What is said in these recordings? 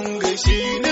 我给心。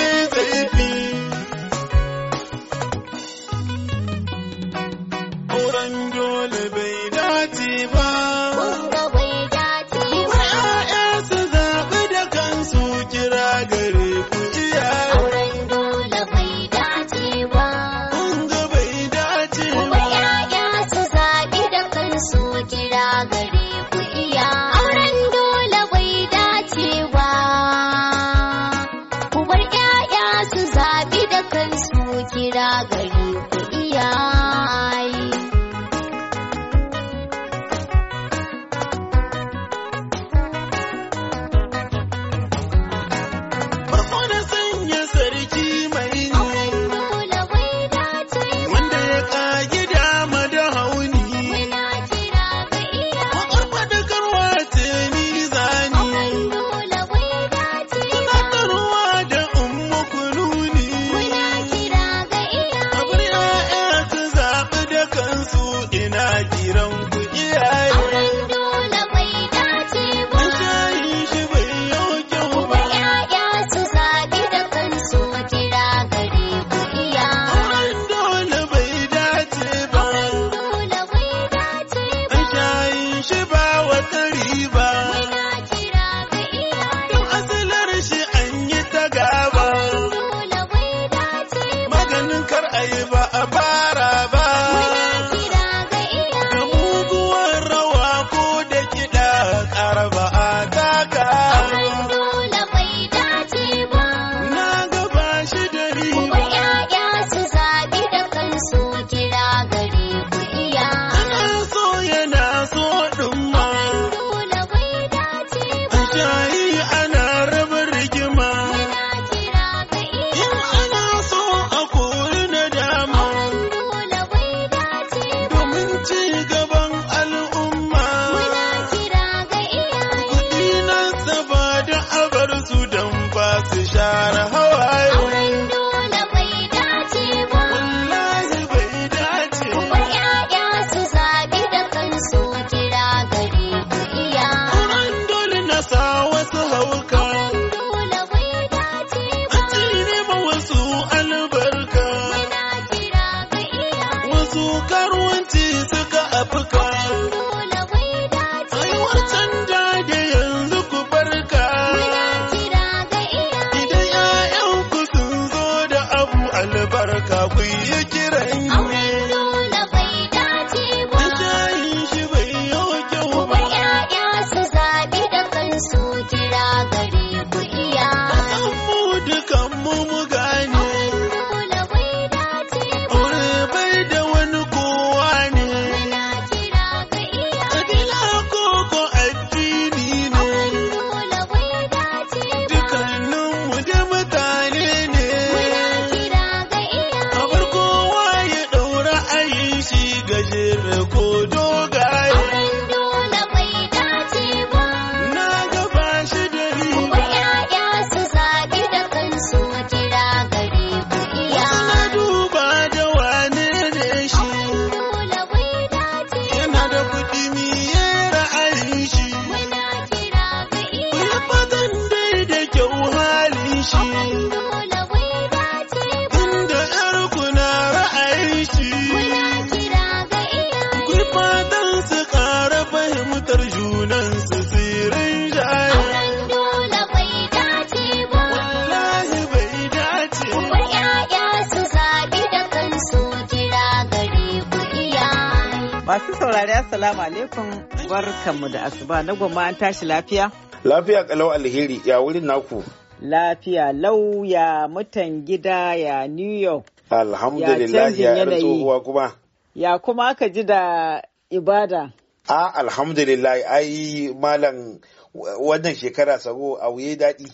saurari assalamu alaikum barkamu da asuba na goma an tashi lafiya. Lafiya kalau alheri ya wurin naku. Lafiya lau ya mutan gida ya New York. Alhamdulillah ya yar kuma. Ya kuma aka ji da ibada. A alhamdulillah ai malam wannan shekara sabo a wuye daɗi.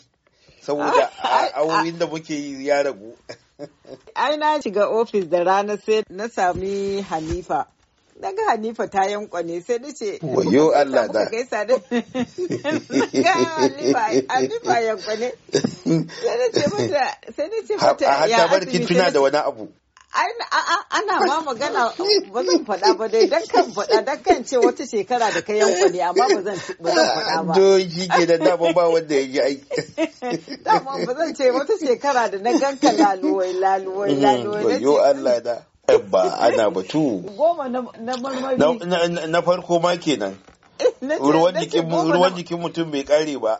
Saboda a wurin da muke yi ya ragu. Ai na shiga ofis da rana sai na sami Hanifa. daga Hanifa ta ne sai da ce wayo Allah da gaisa da ga Hanifa yankwane sai da ce mata sai da ce mata ya asibiti tuna da wani abu ana ma magana ba zan faɗa ba dai dan kan faɗa dan kan ce wata shekara da ka yanko ne amma ba zan faɗa ba. Do shi ke da dama ba wanda ya yi aiki. Dama ba zan ce wata shekara da na ganka laluwai laluwai mm, laluwai. Yo Allah da. yabba ana batu goma na marmari na farko ma kenan ruwan jikin mutum bai kare ba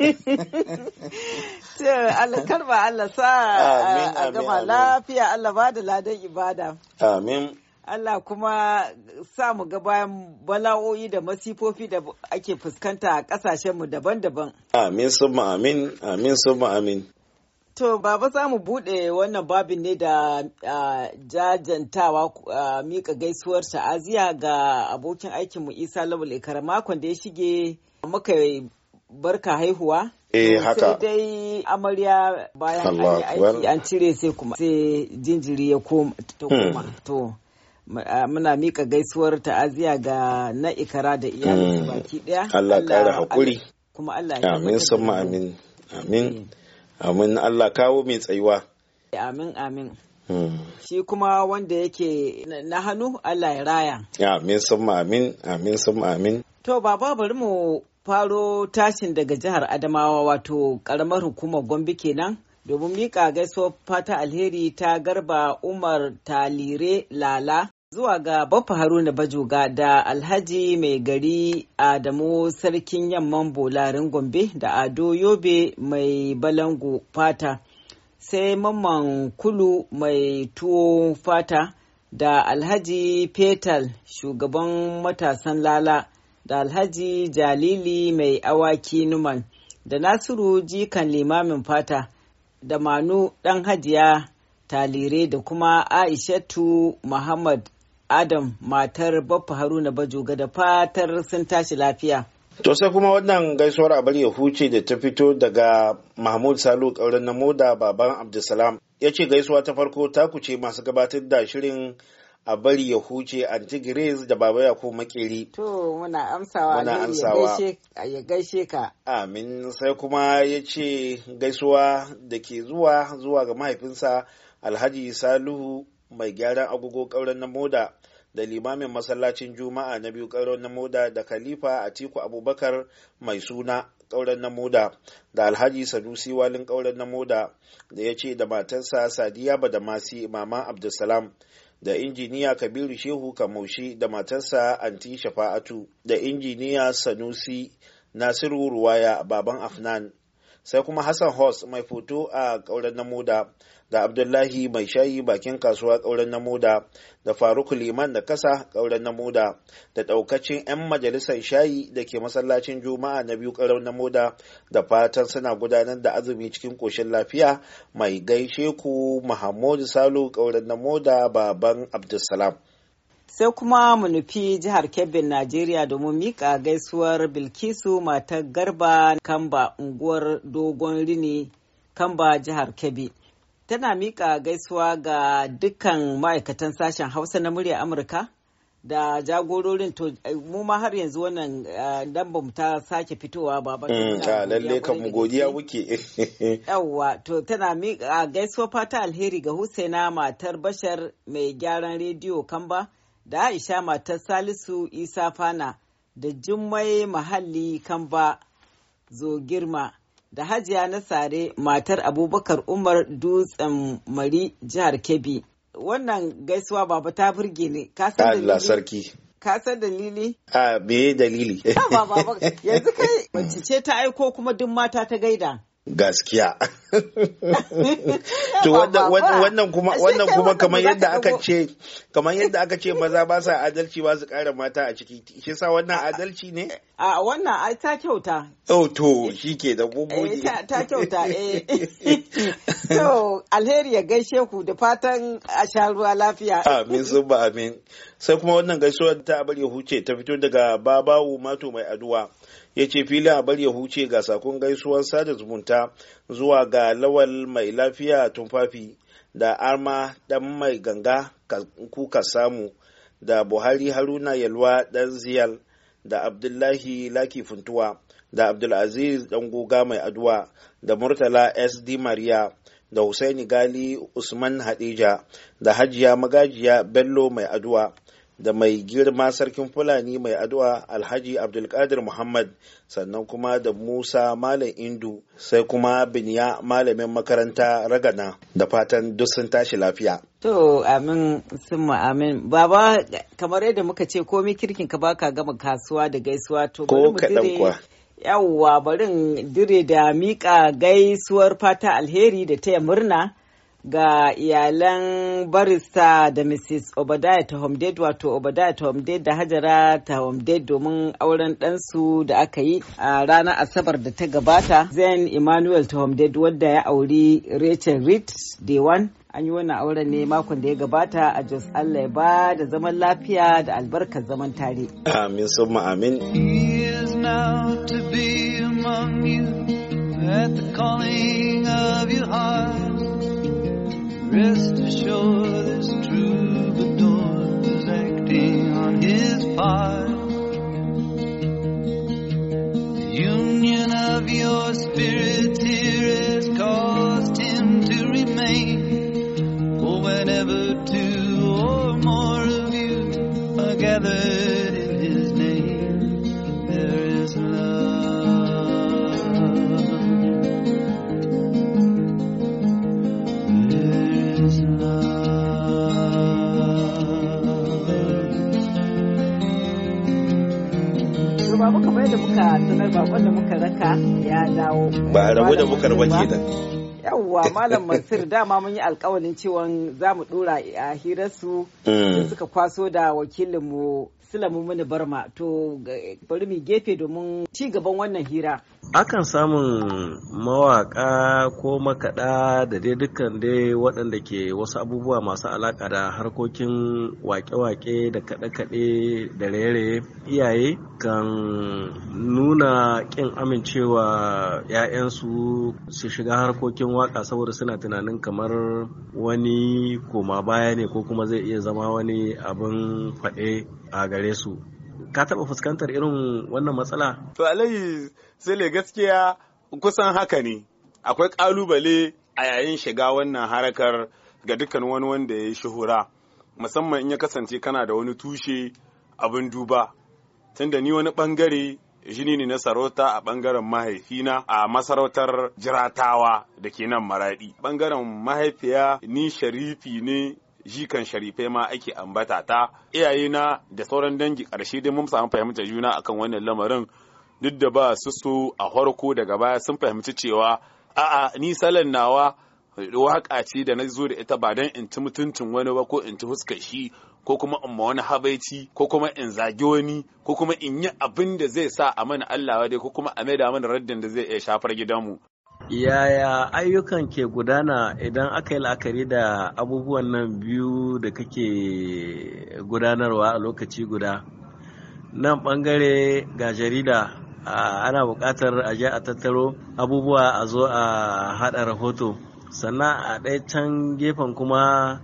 Allah ba Allah sa a gama lafiya Allah ba da ladan ibada amin Allah kuma sa mu ga bayan bala'o'i da masifofi da ake fuskanta a kasashenmu daban-daban amin sun amin amin summa amin To, baba za mu buɗe wannan babin ne da jajantawa mika gaisuwar ta'aziya ga abokin aikinmu Isa labule Ikara makon da ya shige muka barka haihuwa. E, haka. Sai dai amarya bayan an aiki an cire sai kuma sai jinjiri ya hmm. koma. To, muna mika gaisuwar ta'aziya ga na Ikara da iyalinsu hmm. baki ɗaya. Allah ƙara haƙuri. Kuma Allah ya Amin, sun amin. Amin. amin Allah kawo mai tsayuwa amin amin hmm. shi kuma wanda yake na hannu Allah ya raya amin sun amin amin sun amin to baba bari mu faro tashin daga jihar Adamawa wato karamar hukumar Gombe kenan domin miƙa gaisuwar fata alheri ta garba Umar Talire Lala zuwa ga Bafa Haruna Bajoga da Alhaji mai gari Adamu Sarkin Yamman Bolarin Gombe da Ado Yobe mai Balango Fata, sai Mamman Kulu mai Tuwo Fata da Alhaji Petal Shugaban Matasan Lala da Alhaji Jalili mai Awaki Numan da Nasiru Jikan Limamin Fata da Manu Ɗan Hajiya Talire da kuma Aishatu Muhammad Adam matar Baffa Haruna ga da fatar sun tashi lafiya. To sai kuma wannan gaisuwar abar ya huce da ta fito daga Mahmud Salu ƙauren na moda baban Abdulsalam. Ya ce gaisuwa ta farko ta kuce masu gabatar da shirin a bari ya huce anti da baba ya ko makeri. To muna amsawa muna ya gaishe ka. Amin sai kuma ya ce gaisuwa da ke zuwa zuwa ga mahaifinsa Alhaji Saluhu mai gyaran agogo ƙauren na moda da limamin masallacin juma'a na biyu ƙauren na moda da khalifa atiku abubakar mai suna ƙauren na moda da alhaji Sanusi walin ƙauren na moda da ya ce da matarsa sadiya badamasi mama abdulsalam da injiniya kabiru shehu kamoshi da matarsa anti shafa'atu da injiniya sanusi nasiru ruwaya baban afnan sai kuma Hassan Hoss mai foto a ƙauren Namuda da Abdullahi mai shayi bakin kasuwa ƙauren Namuda da Faruk Liman da kasa ƙauren Namuda da ɗaukacin 'yan majalisar shayi da ke masallacin Juma'a na biyu ƙauren Namuda da fatan suna gudanar da azumi cikin koshin lafiya mai gaishe ku Muhammadu Salu ƙauren Namuda baban Abdulsalam. sai kuma mu nufi jihar kebbin najeriya domin mika gaisuwar bilkisu matar garba kamba unguwar dogon rini kamba jihar kebbi tana mika gaisuwa ga dukkan ma'aikatan sashen hausa na murya amurka da jagororin to eh, mu ma har yanzu wannan eh, lambar ta sake fitowa ba mm, ta lalle kan mu godiya muke yawa to tana mika gaisuwa fata alheri ga husaina matar bashar mai gyaran rediyo kamba da Aisha matar Salisu Isa Fana da Jummai Mahalli Kamba Zogirma da Hajiya na Sare matar Abubakar Umar Dutsen Mari jihar Kebbi. Wannan gaisuwa baba ta burge ne. sarki. Ka san dalili? A me dalili? Yanzu kai mace ce ta aiko kuma duk mata ta gaida. Gaskiya. to wannan kuma wannan kuma kamar yadda aka ce kamar yadda aka ce maza ba sa adalci ba su ƙara mata a ciki shi sa wannan adalci ne a wannan ai ta kyauta oh to shike da gogoji ta kyauta eh to alheri ya gaishe ku da fatan a sha ruwa lafiya amin sun ba amin sai kuma wannan gaisuwar ta bari ya huce ta fito daga babawu mato mai aduwa ya ce fili abar ya huce ga sakon gaisuwar sada zumunta zuwa ga da lawal mai lafiya tumfafi da arma dan mai ganga kuka samu da buhari haruna yalwa dan ziyal da abdullahi laki funtuwa da abdulaziz dan goga mai aduwa da murtala sd maria da Hussaini, gali usman hadija da hajiya magajiya bello mai aduwa da mai girma sarkin fulani mai addu'a alhaji abdulkadir muhammad sannan kuma da musa malam indu sai kuma biniya malamin makaranta ragana da fatan duk sun tashi lafiya to amin sun amin baba kamar yadda muka ce komi kirkin ka baka gama kasuwa da gaisuwa to ko kaɗan kuwa yawwa barin dire da miƙa gaisuwar fata alheri da taya murna ga iyalan barista da Mrs. Obadiah Tahomded wato Obadiah Tahomded da Hajara Tahomded domin auren ɗansu da aka yi a ranar Asabar da ta gabata. zen Emmanuel Tahomded wadda ya auri Rachel Reed one, An yi wannan auren ne makon da ya gabata a Jos Allah ya ba da zaman lafiya da albarkar zaman tare. Amin summa amin. at the calling of your heart. Rest assured, this troubadour was acting on his part. The union of your spirits here rundunar bakon muka raka ya dawo ba rabu da muka ke yawwa malam masir dama mun yi alkawalin cewa za mu dora a hirarsu mm. da suka kwaso da wakilinmu sulamu mini barma to bari mu gefe domin ci gaban wannan hira akan samun mawaƙa ko makaɗa da dai dukkan dai waɗanda ke wasu abubuwa masu alaƙa da harkokin waƙe-waƙe da kaɗe-kaɗe da raye iyaye kan nuna ƙin amincewa 'ya'yansu su shiga harkokin waƙa saboda suna tunanin kamar wani koma baya ne ko kuma zai iya zama wani abin faɗe a gare su ka taba fuskantar irin wannan matsala? To alayi sile gaskiya kusan haka ne akwai ƙalubale a yayin shiga wannan harakar ga dukkan wani wanda ya yi shuhura musamman in ya kasance kana da wani tushe abin duba tunda ni wani bangare jini ne na sarauta a bangaren mahaifina a masarautar jiratawa da ke nan maraɗi bangaren mahaifiya ni sharifi ne jikan sharifai ma ake ambata ta iyayena da sauran dangi ƙarshe dai mun samu fahimtar juna akan wannan lamarin duk da ba su su a farko daga baya sun fahimci cewa a'a ni salon nawa waƙa ce da na zo da ita ba dan in ci mutuncin wani ba ko in ci huskar shi ko kuma in ma wani habaici ko kuma in zagi wani ko kuma in yi abin da zai sa a mana Allah dai ko kuma a maida mana raddin da zai iya shafar gidanmu Yaya ayyukan ke gudana idan aka yi la'akari da abubuwan nan biyu da kake gudanarwa a lokaci guda? Nan bangare ga jarida ana buƙatar a je a tattaro abubuwa a zo a haɗa rahoto. Sannan a ɗaya can gefen kuma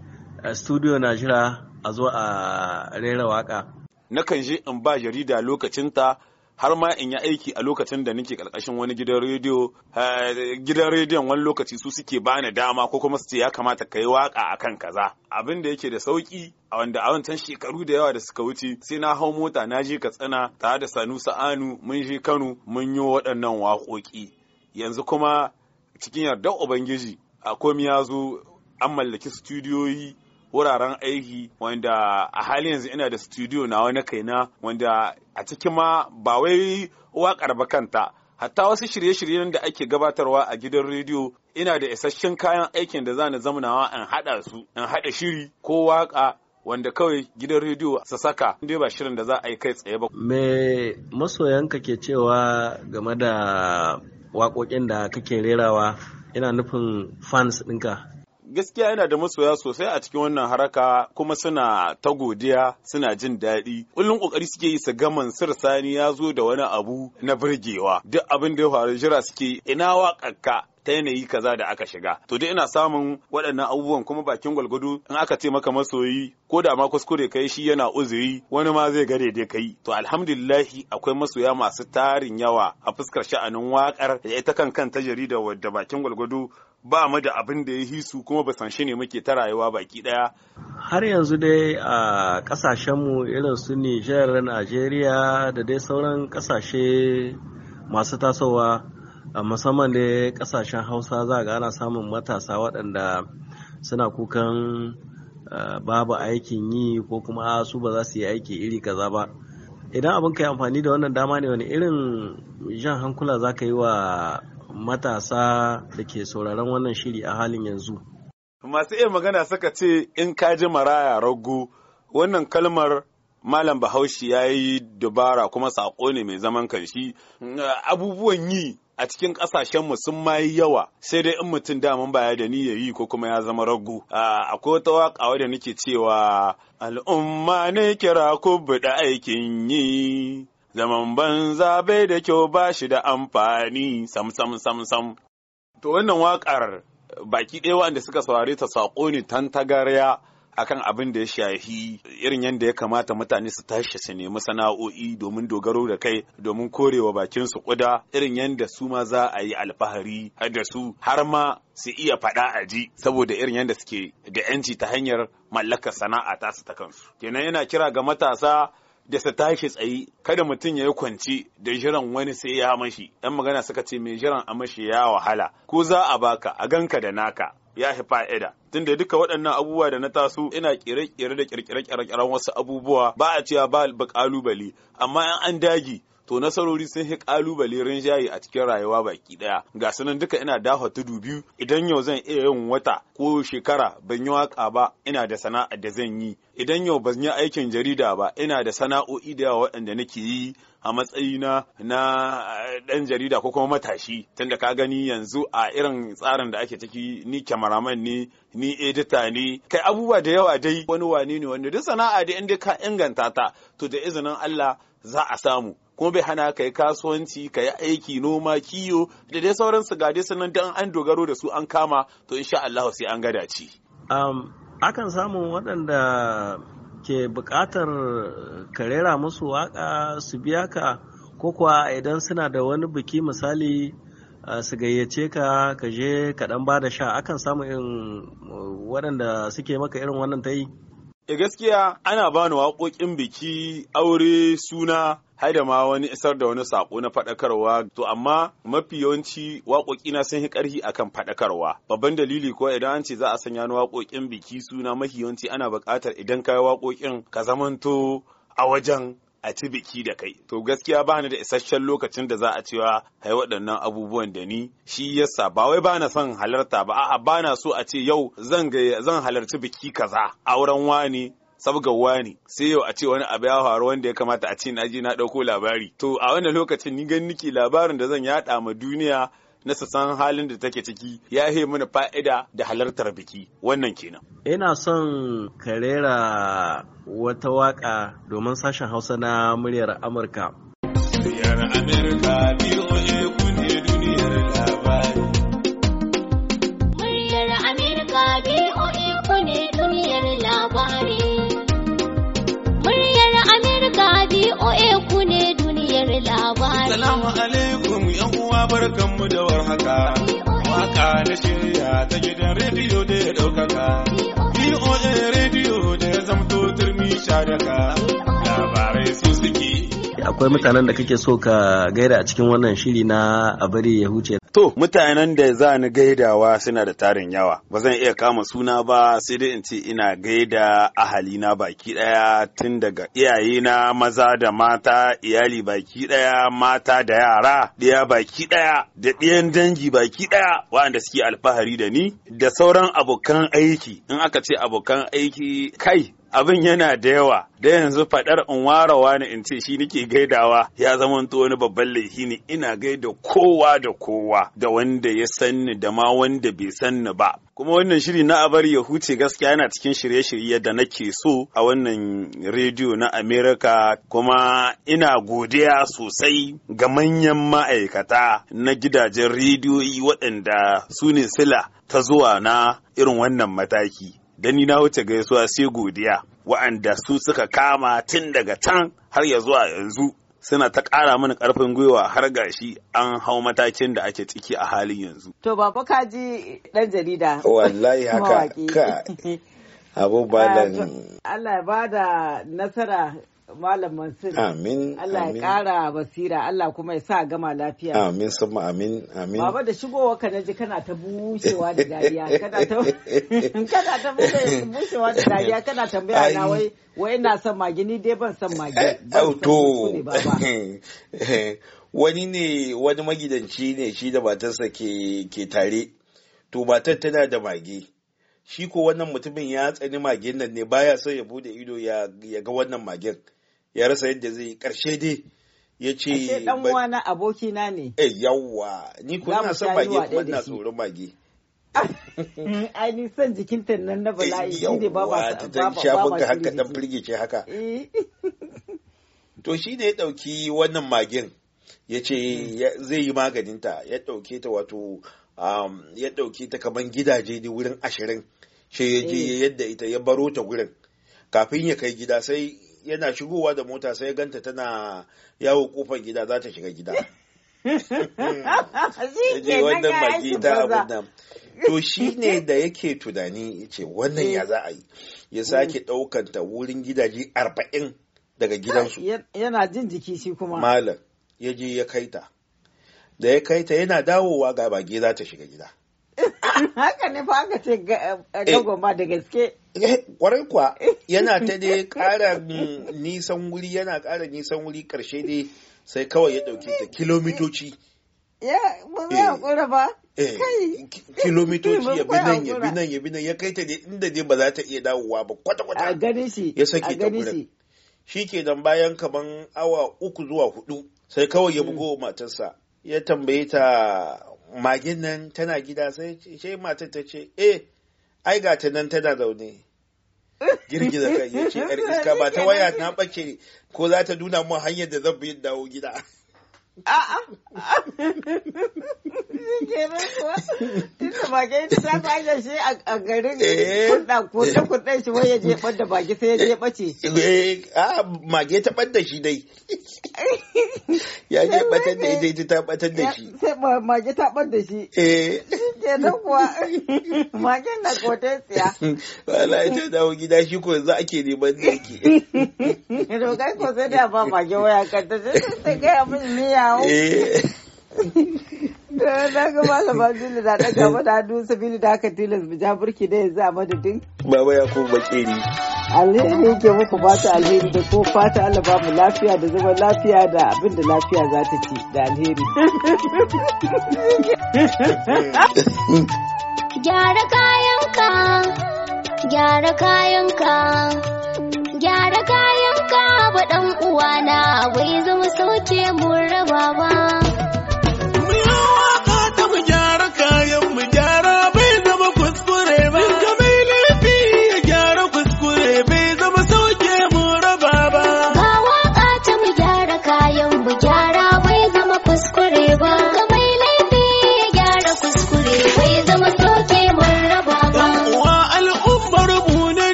studio na jira a zo a rera waka Nakan je in ba jarida lokacinta har ma in yi aiki a lokacin da nake karkashin wani gidan rediyo eh, gidan rediyon wani lokaci su suke bani dama ko kuma su ce ya kamata ka yi waka kan kaza abin da yake da sauki a wanda a wancan shekaru da yawa da suka wuce sai na hau mota na je katsina tare da sanu sa'anu mun je kano mun yi waɗannan waƙoƙi yanzu kuma cikin yarda ubangiji a komi ya zo an mallaki studiyoyi wuraren aiki wanda a halin yanzu ina da studio na wani kaina wanda a cikin ma ba wai waƙar ba kanta hatta wasu shirye-shiryen da ake gabatarwa a gidan rediyo ina da isasshen kayan aikin da zani zamanawa in haɗa su in haɗa shiri ko waƙa wanda kawai gidan rediyo su saka dai ba shirin da za a yi kai tsaye ba. Me masoyanka ke cewa game da waƙoƙin da kake rerawa ina nufin fans ɗinka gaskiya yana da masoya sosai a cikin wannan haraka kuma suna ta godiya suna jin daɗi kullum kokari suke yi su ga Mansur Sani ya zo da wani abu na birgewa. duk abin da ya faru jira suke ina waƙarka ta yanayi kaza da aka shiga to dai ina samun waɗannan abubuwan kuma bakin gwalgwado in aka ce maka masoyi ko da ma kuskure kai shi yana uzuri wani ma zai gare dai kai to alhamdulillahi akwai masoya masu tarin yawa a fuskar sha'anin waƙar da ita kan ta jarida wadda bakin gwalgwado ba mu da abin da ya hisu kuma ba san shi ne muke ta rayuwa baki daya har yanzu dai a kasashen mu irin su Nijar, Najeriya da dai sauran kasashe masu tasowa musamman da kasashen Hausa za ga ana samun matasa waɗanda suna kukan babu aikin yi ko kuma su ba za su yi aiki iri kaza ba idan abin ka yi amfani da wannan dama ne wani irin jan hankula za ka yi wa matasa da ke sauraron wannan shiri a halin yanzu. Masu iya magana suka ce in ka ji maraya ragu wannan kalmar Malam Bahaushe ya yi dubara kuma saƙo ne mai zaman kanshi abubuwan yi a cikin ƙasashenmu sun ma yi yawa sai dai in mutum daman baya da ni ya yi ko kuma ya zama ragu akwai wata waƙa wadda nake cewa al'umma ne kira ku buɗa aikin yi zaman banza bai da kyau ba shi da amfani sam sam sam sam to wannan waƙar baki ɗaya wanda suka saurare ta saƙo ne tantagarya akan abin da ya shahi irin yadda ya kamata mutane su tashi su nemi sana'o'i domin dogaro da kai domin korewa bakin su kuda irin yadda su ma za a yi alfahari da su har ma su iya faɗa a ji saboda irin yadda suke da 'yanci ta hanyar mallakar sana'a ta su ta kansu kenan yana kira ga matasa da ta tashi tsayi kada mutum ya yi kwanci da jiran wani sai ya mashi ɗan magana suka ce mai jiran a mashi ya wahala ko za a baka a ganka da naka ya fi fa'ida tunda duka waɗannan abubuwa da na taso ina kire-kire da kirkire-kirkiren wasu abubuwa ba a cewa ba kalubale amma an dagi to nasarori sun hi kalubale rinjaye a cikin rayuwa baki daya ga sunan duka ina dafa tudu biyu idan yau zan iya yin wata ko shekara ban yi waka ba ina da sana'a da zan yi idan yau ban yi aikin jarida ba ina da sana'o'i da yawa waɗanda nake yi a matsayina na eh, ɗan jarida ko kuma matashi tunda ka gani yanzu a irin tsarin da ake ciki ni kyamaraman ne ni edita ne kai abubuwa da yawa dai wani wane ne wanda duk sana'a da inda ka inganta ta to da izinin Allah za a samu kuma bai hana ka yi kasuwanci ka yi aiki noma kiyo da dai sauransu ga dai sannan dan an dogaro da su an kama to insha Allah sai an gada ci um, akan samu waɗanda ke buƙatar karera musu waƙa su biya ka ko kuwa idan suna da wani biki misali su gayyace ka ka je ka dan ba da sha akan samu irin waɗanda suke maka irin wannan ta yi? E gaskiya ana bani waƙoƙin biki aure suna haida ma wani isar da wani sako na faɗakarwa to amma mafi yawanci waƙoƙina na sun yi ƙarfi akan faɗakarwa babban dalili ko idan an ce za a sanya ni waƙoƙin biki suna mafi yawanci ana buƙatar idan ka yi waƙoƙin ka zamanto a wajen a ci biki da kai to gaskiya ba ni da isasshen lokacin da za a cewa hai waɗannan abubuwan da ni shi yasa ba wai ba na son halarta ba a'a ba na so a ce yau zan zan halarci biki kaza auren wani sabga ne sai yau a ce wani abu ya faru wanda ya kamata a ce na je na ɗauko labari to a wannan lokacin ni gan niki labarin da zan yaɗa ma duniya na san halin da take ciki ya he mana fa'ida da halartar biki wannan kenan. Ina son ka rera wata waka domin sashen Hausa na muryar Amurka. Muryar Amurka Assalamu alaikum yan uwa barkanmu da warhaka. Waka na shirya ta gidan rediyo da ya ɗaukaka. BOA rediyo da ya zamto turmi shadaka. Labarai su suke. Akwai mutanen da kake so ka gaida a cikin wannan shiri na a bari ya huce To, mutanen da za ni gaidawa suna da tarin yawa. Ba zan iya kama suna ba sai dai in ce ina gaida ahalina baki ɗaya tun daga iyayena maza da mata, iyali baki ɗaya, mata da yara, ɗaya baki ɗaya, da ɗiyan dangi baki ɗaya waɗanda suke alfahari da ni, da sauran abokan aiki. In aka ce abokan aiki kai abin yana da yawa da yanzu fadar in warawa ne in ce shi nake gaidawa ya zama to wani babban laifi ne ina gaida kowa da kowa da wanda ya sanni da ma wanda bai sanni ba kuma wannan shiri na abar ya huce gaskiya yana cikin shirye-shirye da nake so a wannan rediyo na Amerika kuma ina godiya sosai ga manyan ma'aikata na gidajen rediyoyi waɗanda su ne sila ta zuwa na irin wannan mataki ni na wuce gaisuwa sai godiya wa'anda su suka kama tun daga can har ya zuwa yanzu suna ta ƙara mana ƙarfin gwiwa har gashi an hau matakin da ake ciki a halin yanzu. To baba ka ji ɗan jarida. Wallahi haka ka Allah ya bada nasara Malam Mansur. Amin. Allah ya ƙara basira, Allah kuma ya sa gama lafiya. Amin, sama amin, amin. Baba da shigowa ka naji kana ta bushewa da dariya, kana ta kana ta bushewa da dariya, kana tambaya na wai wai ina son magi ni dai ban son magi. to. Wani ne wani magidanci ne shi da matarsa ke ke tare. To matar tana da magi. Shi ko wannan mutumin ya tsani magin nan ne baya son ya bude ido ya ga wannan magin. ya rasa yadda zai karshe dai ya ce dan abokina ne eh yawwa ni ko na son mage kuma ina tsoron mage ai ni son jikin nan na bala'i eh, shi ne ba ba ta shafin ka haka dan ce haka to shi ne ya dauki wannan magen ya ce mm. zai yi maganinta ya dauke ta wato um, ya dauke ta kaman gidaje ne wurin ashirin shi ya je eh. yadda ita ya baro ta wurin, kafin ya kai gida sai yana shigowa da mota sai ganta tana yawo kofar gida za ta shiga gida je wannan baki ta abin to shi ne da yake tunani ce wannan ya za a yi ya sake ɗaukanta wurin gidaje arba'in daga gidansu yana jin jiki shi kuma malam ya je ya kai ta, da ya kai ta yana dawowa ga bage za ta shiga gida haka ne fa aka ce ba eh. da gaske Eh, kwarai kuwa yana ta dai ƙara nisan wuri yana ƙara nisan wuri ƙarshe dai sai kawai ya dauke ta kilomitoci ya eh. ba za eh, a ba kilomitoci ya bi nan ya bi nan ya bi nan ya kai ta dai inda dai ba za ta iya dawowa ba kwata-kwata a gani shi ya sake ta gurin shi ke dan bayan kaman awa uku zuwa hudu sai kawai ya bugo mm. matarsa ya tambaye ta magin nan tana gida sai ce matar ta ce eh ai ga ta nan tana zaune girgiza kan ya ce yar iska ba ta waya na bace ko za ta nuna mu hanyar da zan bi dawo gida A'a. Kenan kuwa, ta fara shi a garin eh. shi ya je sai ya je ɓace. Eh, mage ta shi dai. Ya je ɓatar da ita ta ɓatar da shi. Mage ta da shi. Eh. ke nan kuwa makin na kote Wala ita dawo gida shi ko yanzu ake neman da yake. ko sai da ba mage waya kanta sai sai gaya min miyawo. Na ga malama da na ɗaga mana hannu sabili da aka tilas mu ja burki da yanzu a madadin. Baba ya ko bakeri. Alheri ke muku fata alheri da ko fata Allah ba mu lafiya da zama lafiya da abin da lafiya za ta ci da alheri. Gyara kayanka, gyara kayanka, gyara kayanka ba ɗan uwana bai zama sauke mun raba ba.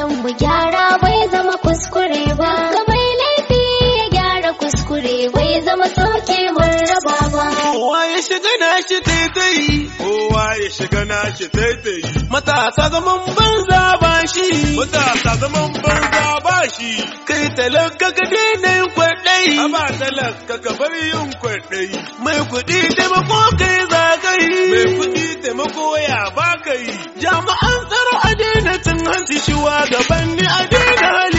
yan mu gyara bai zama kuskure ba ga mai laifi ya gyara kuskure bai zama soke mun raba ba kowa ya shiga na shi taitai kowa ya shiga na nashi taitayi matasa zaman banza ba shi matasa zaman banza ba shi kai talaka ka daina yin kwaɗayi talaka ka bar yin kwadai mai kuɗi taimako kai zagayi mai kuɗi taimako ya ba jama'an tsara. ni a daina